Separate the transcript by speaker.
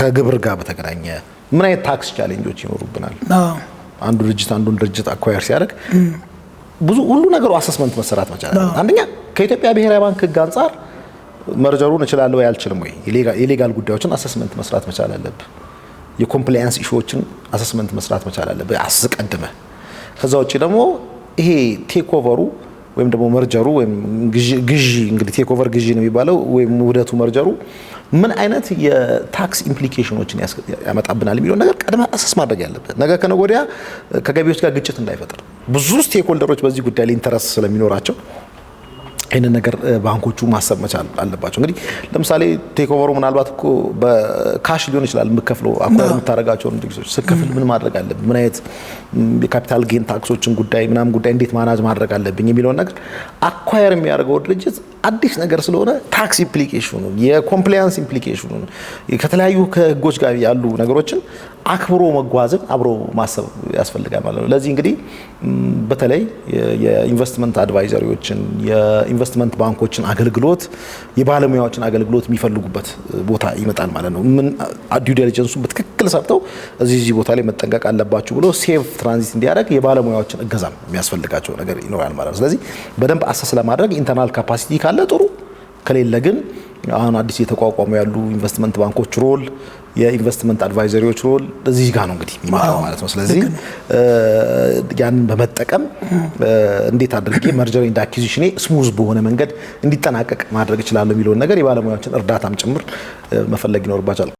Speaker 1: ከግብር ጋር በተገናኘ ምን አይነት ታክስ ቻሌንጆች ይኖሩብናል? አንዱ ድርጅት አንዱን ድርጅት አኳየር ሲያደርግ ብዙ ሁሉ ነገሩ አሰስመንት መሰራት መቻል አለ። አንደኛ ከኢትዮጵያ ብሔራዊ ባንክ ሕግ አንጻር መርጀሩን እችላለሁ ወይ አልችልም ወይ የሌጋል ጉዳዮችን አሰስመንት መስራት መቻል አለብህ። የኮምፕላያንስ ኢሹዎችን አሰስመንት መስራት መቻል አለብህ አስቀድመህ። ከዛ ውጭ ደግሞ ይሄ ቴክ ኦቨሩ ወይም ደግሞ መርጀሩ ወይም ግዢ እንግዲህ ቴክ ኦቨር ግዢ ነው የሚባለው ወይም ውህደቱ መርጀሩ ምን አይነት የታክስ ኢምፕሊኬሽኖችን ያመጣብናል የሚለው ነገር ቀድመህ አሰስ ማድረግ ያለብህ ነገ ከነገ ወዲያ ከገቢዎች ጋር ግጭት እንዳይፈጥር ብዙ ስቴክ ሆልደሮች በዚህ ጉዳይ ላይ ኢንተረስት ስለሚኖራቸው ይህንን ነገር ባንኮቹ ማሰብ መቻል አለባቸው። እንግዲህ ለምሳሌ ቴክኦቨሩ ምናልባት እኮ በካሽ ሊሆን ይችላል የምከፍለው አኳር የምታደርጋቸውን ድርጊቶች ስከፍል ምን ማድረግ አለብኝ፣ ምን አይነት የካፒታል ጌን ታክሶችን ጉዳይ ምናምን ጉዳይ እንዴት ማናጅ ማድረግ አለብኝ የሚለውን ነገር አኳየር የሚያደርገው ድርጅት አዲስ ነገር ስለሆነ ታክስ ኢምፕሊኬሽኑን የኮምፕላያንስ ኢምፕሊኬሽኑን ከተለያዩ ከህጎች ጋር ያሉ ነገሮችን አክብሮ መጓዝን አብሮ ማሰብ ያስፈልጋል ማለት ነው። ለዚህ እንግዲህ በተለይ የኢንቨስትመንት አድቫይዘሪዎችን የኢንቨስትመንት ባንኮችን አገልግሎት የባለሙያዎችን አገልግሎት የሚፈልጉበት ቦታ ይመጣል ማለት ነው። ምን ዲው ዲሊጀንሱ በትክክል ሰርተው እዚህ እዚህ ቦታ ላይ መጠንቀቅ አለባችሁ ብሎ ሴፍ ትራንዚት እንዲያደርግ የባለሙያዎችን እገዛም የሚያስፈልጋቸው ነገር ይኖራል ማለት ነው። ስለዚህ በደንብ አሰስ ለማድረግ ኢንተርናል ካፓሲቲ ካለ ጥሩ፣ ከሌለ ግን አሁን አዲስ እየተቋቋሙ ያሉ ኢንቨስትመንት ባንኮች ሮል፣ የኢንቨስትመንት አድቫይዘሪዎች ሮል እዚህ ጋር ነው እንግዲህ የሚመጣው ማለት ነው። ስለዚህ ያንን በመጠቀም እንዴት አድርጌ መርጀር ኢንድ አኪዚሽን ስሙዝ በሆነ መንገድ እንዲጠናቀቅ ማድረግ እችላለሁ የሚለውን ነገር የባለሙያዎችን እርዳታም ጭምር መፈለግ ይኖርባቸዋል።